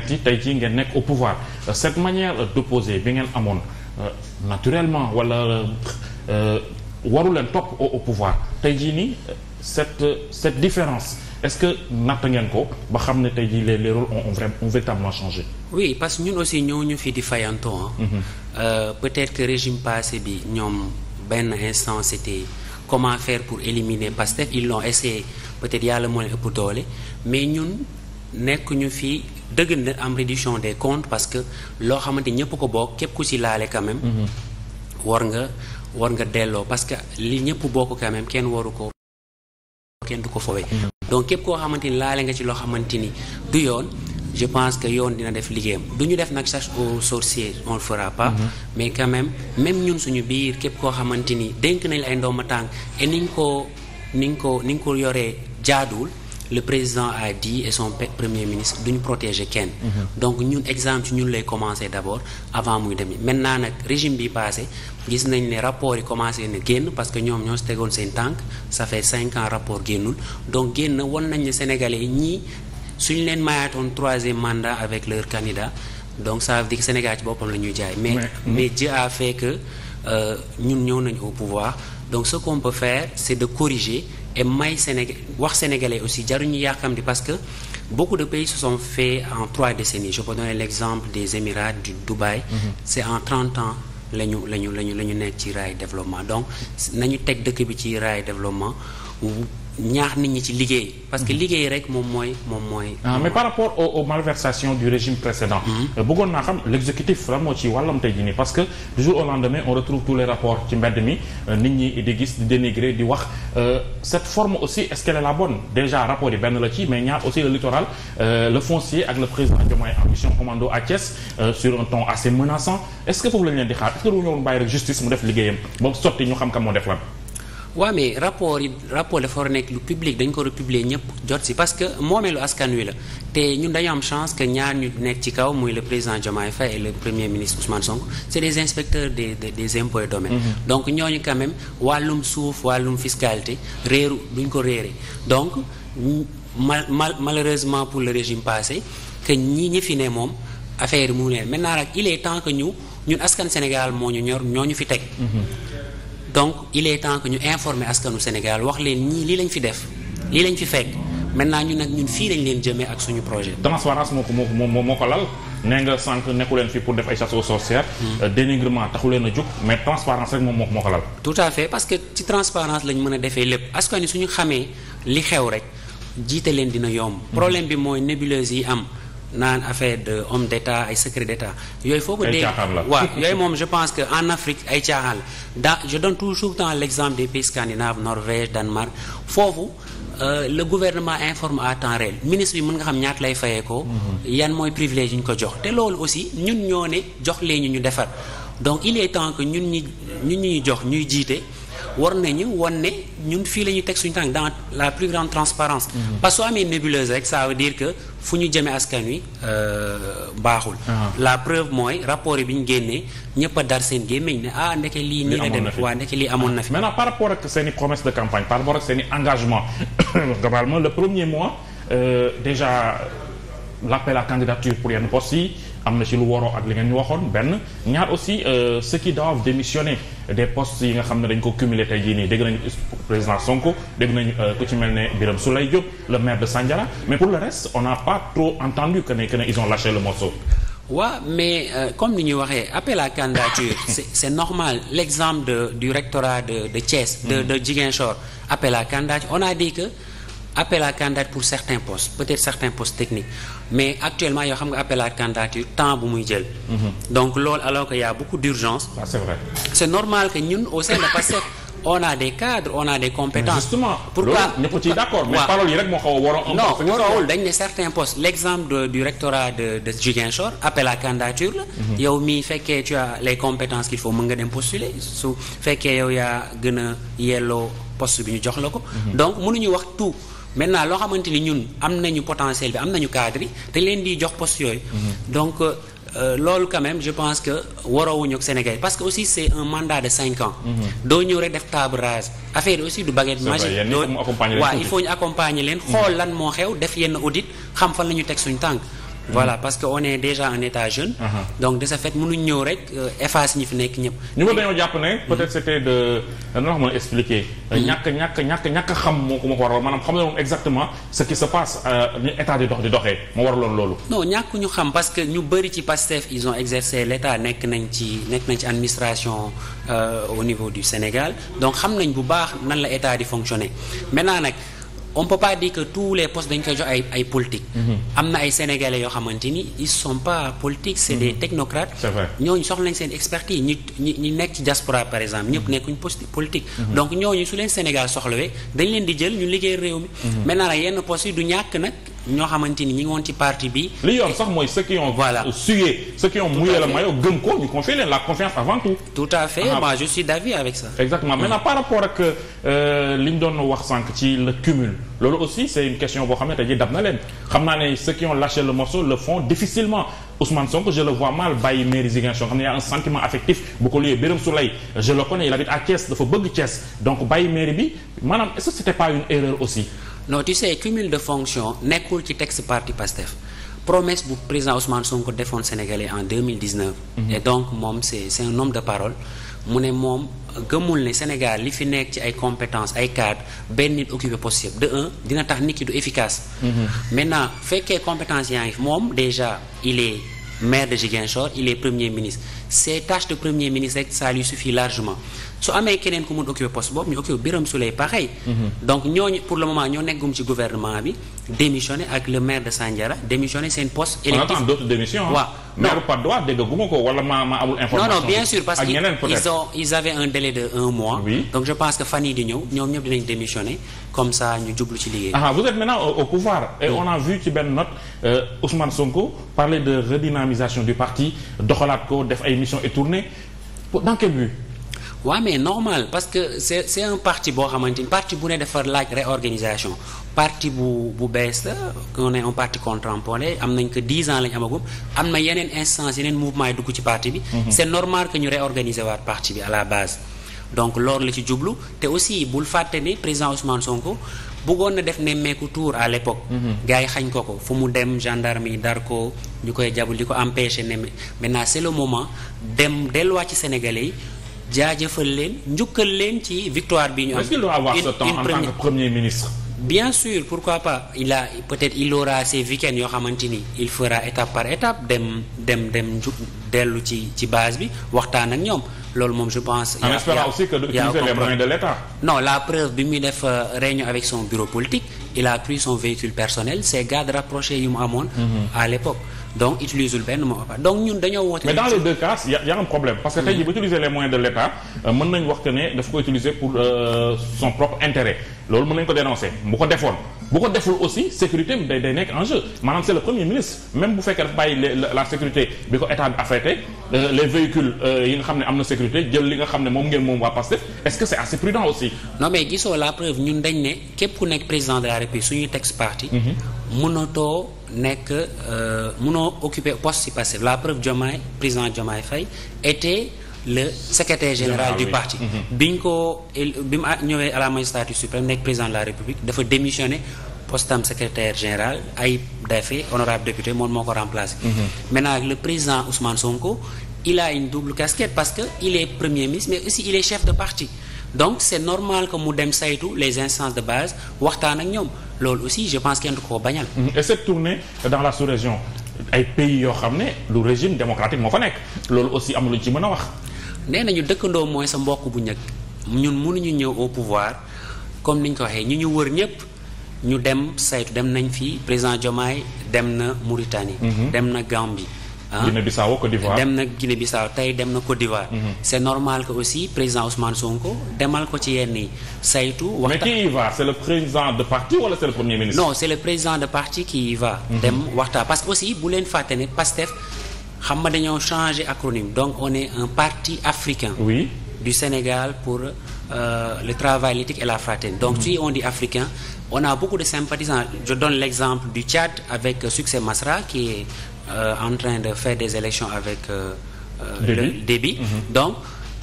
permettre tey jii ngeen nekk au pouvoir euh, cette manière d'opposer bi ngeen amoon euh, naturellement wala euh, waru leen topp au pouvoir tey jii nii cette cette différence est-ce que natt ngeen ko ba xam ne tey jii les les rôles ont vraiment ont véritablement que ñun aussi ñëw ñu fi di fayanto ah. peut-être que régime passé bi ñoom benn instance c'était comment faire pour éliminer Pastef ils l'ont essayé peut-être yàlla moo leen ëpp doole mais ñun nekk ñu fi. dëgg la am réduction des comptes parce que loo xamante ñëpp ko bokk képp ku ci laale quand mhm. war nga war nga delloo parce que li ñëpp bokk quand même kenn waru ko kenn du ko fowee. Mhm. donc képp koo xamante ni laale nga ci loo xamante ni du yoon. je pense que yoon dina def liggéeyam du ñu def nag chasse aux sorciers on le mhm. mais quand même même ñun suñu biir képp koo xamante ni dénk nañ la ay ndooma tànk et ni ko ni ñu ko ni ñu ko yoree jaaduwul. le président a dit et son premier ministre ñu protéger kenn. Mhm. donc ñun exemple ci ñun lay commencer d'abord avant muy demee maintenant nag régime bi passé gis nañ ne rapport yi commencé na génn parce que ñoom ñoo si tegoon seen tànk ça fait cinq ans rapport génnul donc génn wan nañ ne sénégalais yi ñii suñu leen mayaatoon troisième mandat avec leur candidat donc ça veut dire que Sénégal ci boppam la ñuy jaay. mais mais mhm. Dieu a fait que euh, ñun ñëw nañ au pouvoir donc ce qu'on de corriger. et may Sénégal wax sénégalais aussi jaruñu yàkkamti parce que bokk de pays se sont faits en trois décennies je peux donner l'exemple des Émirats du Dubaï. Mm -hmm. c'est en trente ans la ñu la ñu la ñu la ñu nekk ci raay développement donc nañu teg dëkk bi ci raay développement. ñaax nit ñi ci liggéey. parce que mhm. liggéey rek moom mooy moom mooy. ah mais par rapport aux malversations du régime précédent. Mhm. Euh, bëggoon naa xam l'exécutif lan moo ci wàllam tey nii parce que du jour au lendemain on retrouve tous les rapports ci mbedd mi euh, nit ñi di gis di dénigrer di wax euh, cette forme aussi est-ce qu'elle est la bonne déjà rapport yi benn la ci mais ñaar aussi le littoral le foncier ak le président Diomaye en mission commando à sur un ton assez menaçant def liggéeyam waaw mais rapport yi rapport dafa war nekk lu public dañ ko war a ñëpp jot si parce que moomeelu askan wi la te ñun dañu am chance que ñaar ñu nekk ci kaw muy le président Diomaye Faye le premier ministre Ousmane Sonko c' est des inspecteurs des des, des domaines. Mm-hmm. donc ñooñu quand même wàllum suuf wàllum fiscalité réeru duñ ko réere donc mal mal malheureusement pour le régime passé que ñi ñi fi ne moom affaire mu ne maintenant nag il est temps que ñu ñun askan Sénégal moo ñu ñor ñoo ñu fi teg. Mm-hmm. donc il est temps que ñu informer askanu Sénégal wax leen ñii lii lañ fi def lii lañ fi fekk maintenant ñun nag ñun fii lañ leen jëmee ak suñu projet. transparence moo ko moo ko lal nee nga sànq nekku leen pour def ay chasse aux sorcières. Hmm. Euh, taxu leen a jóg mais transparence rek moom moo ko lal. tout à fait parce que ci transparence lañ mën a defee lépp askan suñu xamee li xew rek jiite leen dina yomb. Hmm. problème bi mooy nébuleuse yi am. naan affaire de homme d'état ay secret d'état yooyu foo ko dégg waaw yooyu moom je pense que en Afrique ay caaxaan daa je donne toujours dans l'exemple des pays scandinaves Norvège Danemark foofu Euh, le gouvernement informe à temps réel ministre bi mën nga xam ñaata lay fayee ko. Mhm. yan mooy privilège yu ñu ko jox te loolu aussi ñun ñoo ne jox leen ñu ñu defar donc il est temps que ñun ñi ñun ñuy jox ñuy jiite war nañu won ne ñun fii la ñuy teg suñu tànk dans la plus grande transparence mhm. parce amee nébuleuse rek ça veut dire que fu ñu jëmee askan wi euh, baaxul ah. la preuve mooy rapport yi bi ñu génnee ñëpp a dar seen gémmiñ ne ah ndeke lii nii la demee waa ndeke lii amoon na fi maintenant par rapport ak seen i promesse de campagne par rapport ak seen i engagement le premier mois euh, déjà l'appel à candidature pour yenn postes yi am na ci lu waroo ak li ngeen ñu waxoon benn ñaar aussi euh, ceux qui doivent démissionner des postes yi nga xam ne dañ ko cumulé tey jii nii dégg nañu président Sonko dégg nañu euh, ku ci mel ne Birame Souleye Diop le maire de Sandiara mais pour le reste on n'a pas trop entendu que ne ne ils ont lâché le morceau. waaw mais euh, comme ni ñu waxee appel à candidature c'est c'est normal l'exemple de du rectorat de de Thiès. de mm-hmm. de Ziguinchor appel à candidature on a dit appel à candidature pour certains postes peut-être certains postes techniques mais actuellement yoo xam nga appel à temps bu muy jël. Mhm. donc loolu alors que y a beaucoup d'urgence. Ah, c'est vrai. c'est normal que ñun au sein de PASTEF on a des cadres on a des compétences. justement pourquoi ñëpp a waroon. non waroon dañ ne certains postes l'exemple du rectorat de de Ziguinchor appel la. Mhm. yow mii fekkee tu les compétences qu'il faut mën nga dem postuler su fekkee yow yaa gën a yelloo poste bi ñu jox la ko. Mhm. maintenant loo xamante ni ñun am nañu potentiel bi am nañu cadre yi te leen di jox post yooyu. Mhm. donc euh, loolu quand je pense que waroowuñu ak Sénégal parce que aussi c'est un mandat de cinq ans. Mhm. doo ñëw rek def table rase affaire aussi du baguette magique. doo waaw il faut ñu accompagner leen. xool mhm. lan moo xew def yenn audit xam fan la ñu teg suñu tànk. voilà parce que on est déjà en état jeune. Uh-huh. donc de ce fait mënuñ ñëw rek euh, efface ñi fi nekk ñëpp. ñu ko dañoo jàpp ne. peut-être c'était de dana wax mën a expliquer. Mm-hmm. ñàkk ñàkk ñàkk ñàkk xam moo ko moo ko waral maanaam xam na moom exactement ce qui se passe euh, ni état di dox di doxee moo waraloon loolu. non ñàkk ñu xam parce que ñu bëri ci Pastef ils ont exercé l'état nekk nañ ci nekk nañ ci administration euh, au niveau du Sénégal donc xam nañ bu baax nan la état di fonctionner maintenant nag. on peut pas tous les postes dañ koy jox ay ay politique mm-hmm. am na ay sénégalais yoo xamante ni ils sont pas politiques c'est des mm-hmm. technocrates ñooñu soxla nañ seen expertise ñi ñi ñi nekk ci diaspora par exemple ñëpp mm-hmm. nekkuñ poste politique donc ñooñu su leen Sénégal soxla we dañ leen di jël ñu liggéey réew mi maintenant nag yenn postes yi du ñàkk nag ñoo xamante ni ñi ngi woon ci parti bi. li yoon sax mooy ceux voilà sué ceux qui ont mouillé le ko ñu confier leen la confiance avant tout. tout à fait moi je suis d'avis avec ça. exactement maintenant par rapport ak euh, li ñu doon wax sànq ci le cumul loolu aussi c'est une question boo xam ne tey jii dab na leen xam naa ne ceux qui ont le morceau le font difficilement. Ousmane Sonko je le vois mal bàyyi mairie Ziguinchor xam ne y a un sentiment affectif bu ko luyee Birame Souleye je le connais il bi maanaam est non tu sais de fonction nekkul ci texte parti Pastef promesse bu président Ousmane ko defoon Sénégalais en 2019 mm -hmm. et donc moom c'est c'est un homme de parole mu ne moom gëmul ne Sénégal li fi nekk ci ay compétences ay cadres benn nit occupé poste de un dina tax nit ki du efficace mm -hmm. maintenant fekkee compétence yaa ngi moom déjà il est maire de Ziguinchor il est premier ministre ses tâches de premier ministre rek ça lui suffit largement su amee keneen ku mun occupé poste boobu ñu occupé Birame Souleye pareil mhm. donc ñooñu pour le moment ñoo nekkagum ci gouvernement bi démissionné ak le maire de Sandiara démissionné seen poste électif on attend d'autres démissions waaw maire par droit ko wala ma amul information non non bien sûr parce que ils ont ils avaient un délai de un mois donc je pense que fan di ñëw ñoom ñëpp dinañ démissionné comme ça ñu jublu ci liggéey ah, vous êtes maintenant au, pouvoir et on a vu ci benn euh, waaw mais normal parce que c'est c'est un parti boo xamante ni parti bu ne defar laaj réorganisation parti bu bu bees la on est un parti contemporain am nañ ko dix ans lañ amagum am na yeneen instance yeneen mouvement yi dugg ci parti bi mhm. c'est normal que ñu réorganiser waat parti bi à la base donc loolu la ci jublu te aussi bul fàtte ni président Ousmane Sonko bëggoon na def nemmeeku tour à l'époque mhm. gars yi xañ ko ko fu mu dem gendarme yi dar ko ñu koy jabul di ko empêcher nemme maintenant c'est le moment dem delluwaat ci Sénégalais yi jaajëfal leen njukkal leen ci victoire bi ñu am. est-ce qu'il doit avoir ce temps premier ministre. bien sûr pourquoi pas il a peut-être il aura ses week yoo xamante ni il fera étape par étape dem dem dem ju dellu ci ci base bi waxtaan ak ñoom loolu moom je pense. en espérant aussi que d'utiliser la preuve bi muy def euh, réunion avec son bureau politique il a pris son véhicule personnel ses gardes rapprochés yu mu amoon. Mhm. à l'époque donc utiliser benn mot APA donc ñun dañoo woote. mais dans l' état euh, mën nañu wax que ne ko utiliser pour euh, son propre intérêt loolu mën nañu ko dénoncer bu ko defoon. bu ko deful aussi sécurité day day nekk en jeu maanaam c' est le premier ministre même bu fekkee dafa bàyyi la sécurité bi ko état bi affrété euh, les véhicules yi nga xam ne am na sécurité jël li nga xam ne moom ngeen moom waa Pastef est ce que c' est prudent aussi. non mais gisoo la preuve ñun dañ ne képp ku nekk président nekk euh, mënoo occuper poste si passé la preuve Diomaye président Diomaye Faye était le secrétaire général ah, du oui. parti mhm. bi ñu ko bi mu ñëwee à la magistrature suprême nekk président de la république dafa démissionné postam secrétaire général Ayib Daffé honorable député moom moo ko remplacé mhm. maintenant avec le président Ousmane Sonko il a une double casquette parce que il est premier ministre mais aussi il est chef de parti donc c'est normal ko mu dem saytu les instances de base waxtaan ak ñoom loolu aussi je pense kenn du ko bañal. Mm, et cette tournée dans la sous-région ay pays yoo xam ne lu régime démocratique moo fa nekk loolu aussi am ci mën a wax. nee nañu dëkkandoo mooy sa mbokk bu ñëkk ñun mënuñu ñëw au pouvoir comme niñ ko waxee ñu ñu wër ñëpp ñu dem saytu dem nañ fii président Diomaye dem na Mauritanie. Mhm. dem na Gambie. Ah. Guinée Bissau Côte d'Ivoire dem na Guinée Bissau tey dem na Côte d'Ivoire. Mhm. c' normal que aussi président Ousmane Sonko demal ko ci yenn yi saytu. waxtaan mais qui y le président de parti wala c' est le non c' le président de parti qui y va. Mhm. dem waxtaan parce que aussi bu leen fatte ne PASTEF xam nga dañoo changer acronyme donc on est un parti africain. oui du Sénégal pour euh, le travail l'éthique et la fraternité. donc mm -hmm. on dit africain on a beaucoup de sympathisants je donne l'exemple du Tchad avec Succès Euh, en train de faire des élections avec euh, euh, le Déby mhm. donc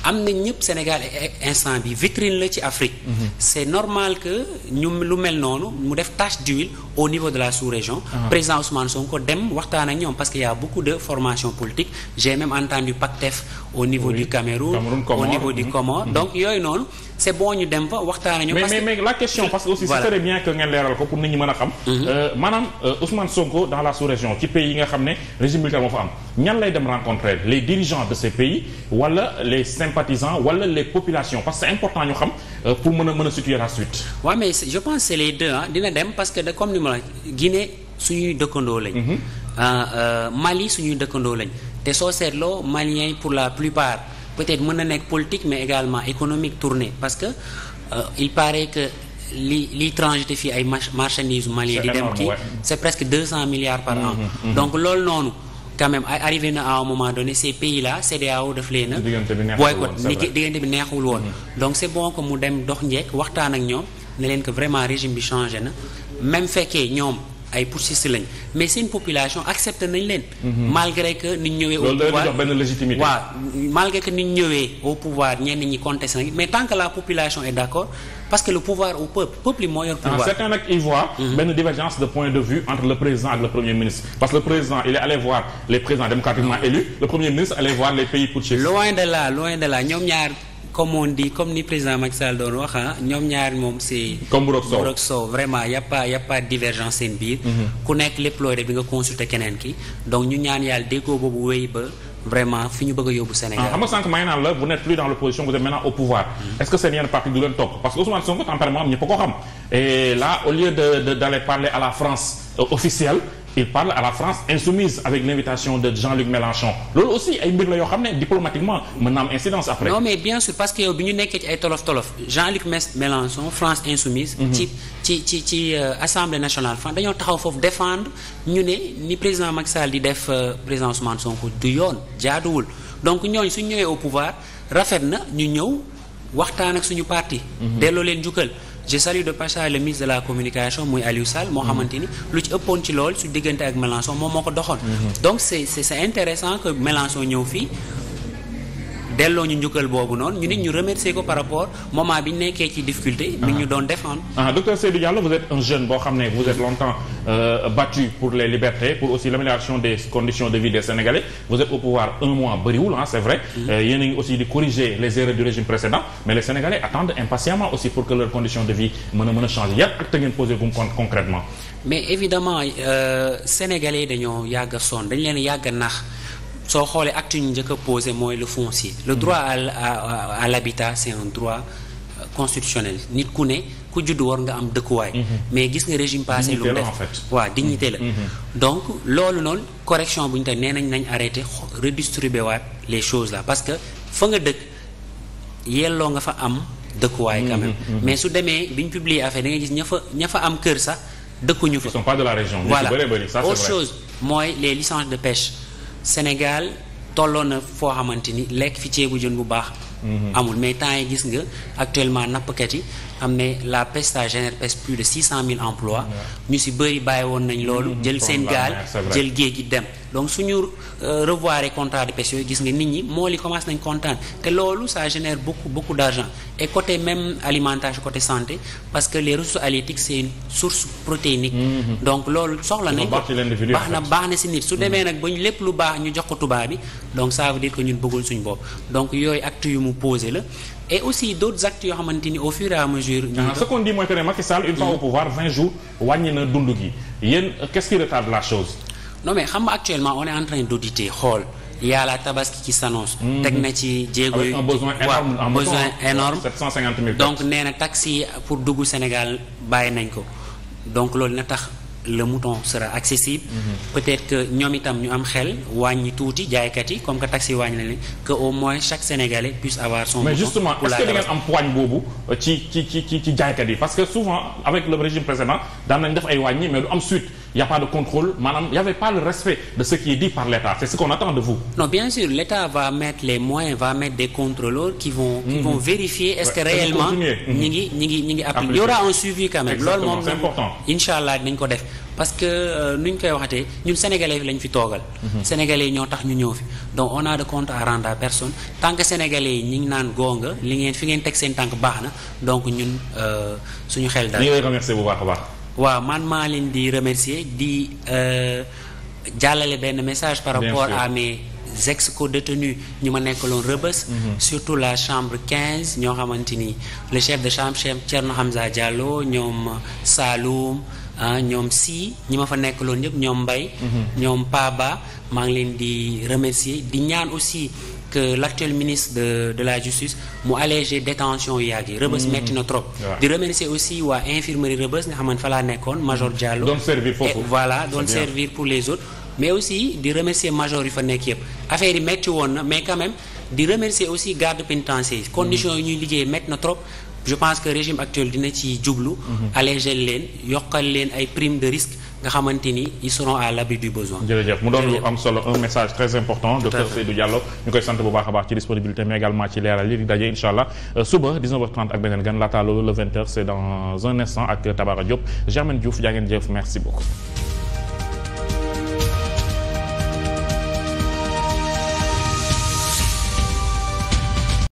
am na ñëpp Sénégal e, e, instant bi vitrine la ci Afrique mhm. c'est normal que ñu lu mel noonu mu def tache d'huile au niveau de la sous-région. Uh ah -huh. président Ousmane dem waxtaan ak ñoom parce que y' a beaucoup de formations politiques j'ai même entendu PACTEF au niveau du Cameroun. au niveau du mhm. Comore. Mhm. donc yooyu noonu c' bon ñu dem fa waxtaan ak ñoom. parce mais la question parce que aussi voilà. bien que ngeen leeral ko pour nit mën a xam. Mhm. Euh, maanaam euh, Ousmane Sonko dans la sous-région ci pays yi nga xam ne régime militaire moo fa am ñan lay dem rencontrer les dirigeants de ma la Guinée suñuy dëkkandoo lañ. Mhm. Ah, euh, Mali suñuy dëkkandoo lañ te soo seetloo maliens yi pour la plupart peut-être mën na nekk politique mais également économique tournée parce que euh, il paraît que li li transité fii ay marchandises malien di dem kii c'est presque deux cent milliards par an. Mhm, mhm, donc loolu noonu. quand même arrivé na à un moment donné ces pays là CEDEAO daf leen a boycott diggante bi neexul woon donc c'est bon que mu dem dox njekk waxtaan ak ñoom ne leen que vraiment régime na même fekkee ñoom ay putschistes lañ mais seen population accepté nañ leen. Mhm. malgré que ni ñu ñëwee. au pouvoir malgré que ni ñu ñëwee au pouvoir ñenn ñi contesté nañ mais tant que la population est d' parce que le pouvoir au peuple peuple yi moo yor pouvoir. Ah, certains nag y voient. Mhm. benn divergence de point de vue entre le président ak premier ministre parce que le président il est allé voir les présidents démocratiquement mhm. élus le premier ministre comme on dit comme ni président Macky Sall doon wax ah, ñoom ñaar moom c'est comme Burok Sow vraiment y a divergence seen biir mhm. ku nekk lépp looy def bi nga consulter keneen ki donc ñu ñaan yàlla déggoo boobu wéy ba vraiment fi ñu bëgg yóbbu Sénégal. Ah, xam nga la vous n'êtes plus dans l'opposition vous êtes maintenant au pouvoir. Mhm. est-ce que seen yenn parti du leen topp parce que Ousmane Sonko tempérament am ñëpp ko xam. et au lieu de de parler à la France euh, officielle. il parle à la France insoumise avec l'invitation de Jean-Luc Mélenchon loolu aussi ay mbir la xam ne diplomatiquement mën am incidence après. bien sûr parce que yow bi ñu nekkee ci ay tolof tolof Jean-Luc Mélenchon France insoumise. Mhm. ci ci euh, assemblée nationale fan dañoo taxaw foofu défendre ñu ne ni président Macky di def euh, président Ousmane Sonko du yoon jaaduwul donc ñooñu suñ ñëwee au pouvoir rafet na ñu ñëw waxtaan ak suñu parti. Mhm. delloo leen jukkal. je salue de passage le ministre de la communication muy Aliou Sall moo mhm. xamante ni lu ci ëppoon ci lool su diggante ak Mélenchon moom moo ko doxoon mhm. donc c'est c'est intéressant que Mélenchon ñëw fii delloo ñu njukkal boobu noonu ñu nit ñu remercier ko par rapport moment bi nekkee ci difficulté. mi ñu doon défendre. Ah, docteur Seydou Diallo vous êtes un jeune boo xam ne vous êtes longtemps euh, battu pour les libertés pour aussi l'amélioration des conditions de vie des Sénégalais vous êtes au pouvoir un mois bëriwul c'est vrai. Mm-hmm. Euh, yéen a aussi di corriger les erreurs du régime précédent mais les Sénégalais attendent impatiemment aussi pour que leurs conditions soo xoolee acte ñu njëkk a mooy le foncier le droit à à à l'habitat c'est un droit euh, constitutionnel nit ku ne ku juddu war nga am dëkkuwaay mm-hmm. mais gis nga régime passé lu mu def waaw dignité la mm-hmm. Mm-hmm. donc loolu noonu correction bu ñu te nee nañ nañ arrêté redistribuer waat les choses là parce que fa nga dëkk yelloo nga fa am dëkkuwaay quand même mais su demee bi ñu publier affaire da ngay gis ña fa ña fa am kër sax dëkkuñu fa ils sont la région voilà autre chose mooy les licences de pêche Sénégal tolloo na foo xamante ni lekk fi ceebu jën bu baax Mm-hmm. amul mais temps yi gis nga actuellement nappkat yi am ne la pêche ça génère plus de six cent mille emplois mm-hmm. ñu si bëri bàyyi woon nañ loolu mm-hmm. jël seen gaal jël géej gi dem donc suñu euh, revoir contrat de pêche yooyu gis nga nit ñi moo li commencé nañ kontaan te loolu ça génère beaucoup beaucoup d'argent et côté même alimentation côté santé parce que les ressources halieutiques c'est une source protéinique donc loolu soxla nañ ko baax na baax na si nit su demee nag ba ñu lépp lu baax ñu jox ko tubaab bi donc ça veut dire ñun bëggul suñu bopp actes yu mu posé la et aussi d' autres actes yoo xamante ni au fur et à mesure. ah ce qu' on dit mooy que ne Macky Sall une au pouvoir jours wàññi na dund gi yéen qu' la chose. non mais xam nga actuellement on est en xool. yàlla tabaski qui s'annonce hmm. teg na ci jéego yu besoin énorme waaw besoin énorme 750 000 donc nee na taxi pour dugg Sénégal bàyyi nañ ko donc loolu na tax. le mouton sera accessible. Mhm. peut-être que ñoom itam ñu am xel wàññi tuuti jaaykat yi comme que taxi wàññi na que au moins chaque Sénégalais puisse avoir son. mais justement est-ce que am poigne boobu ci ci ci ci jaaykat yi parce que souvent avec le régime précédent daan nañ def ay wàññi mais du am suite. y a pas de contrôle maanaam y avait pas le respect de ce qui est dit par l'État c'est ce qu'on attend de ngi ñi ngi ñi ngi appliqué y aura un suivi quand même. loolu moom c'est allah dinañ ko def. parce que euh, nu ñu koy waxatee ñun sénégalais lañu fi toogal. Mhm. sénégalais ñoo tax ñu ñëw fi donc on a de compte à rendre personne tant que sénégalais yi ngi naan gonga li ngeen fi ngeen teg seen tànk baax na donc ñun euh, suñu xel daal. ñu ngi lay bu baax a baax. waaw man maa leen di remercier di euh, jàllale benn message par rapport à mes ex co-détenus ñu ma nekkaloon Rebeuss mhm. surtout la chambre 15 ñoo xamante ni le chef de chambre chef Thierno Hamza Diallo ñoom Saloum ah, ñoom si ñi ma fa nekkaloon ñëpp ñoom mbay mhm. ñoom Paba maa ngi leen di remercier di ñaan aussi que l'actuel ministre de de la justice mu allégé détention yu yàgg yi rëbës mm-hmm. metti na trop di remercier aussi waa infirmerie rëbës nga xamante fa laa nekkoon major mm-hmm. Diallo doon servir foofu voilà doon servir pour les autres mais aussi di remercier major yi fa nekk yëpp affaire yi metti woon na mais quand même di remercier aussi garde pénitentiaire condition yi ñuy liggéey metti na trop je pense que régime actuel dina ci jublu mm-hmm. allégé leen yokkal leen ay prime de risque nga xamante ni ils seront à l'abri du besoin. jërëjëf mu doon lu am solo un message très important. docteur Seydou Diallo ñu koy sant bu baax a baax ci disponibilité mais également ci a yi di daje incha allah euh, suba 19h30 ak beneen gan laataa loolu le 20h c'est dans un instant ak Tabara Diop Germaine Diouf jaa jëf merci beaucoup.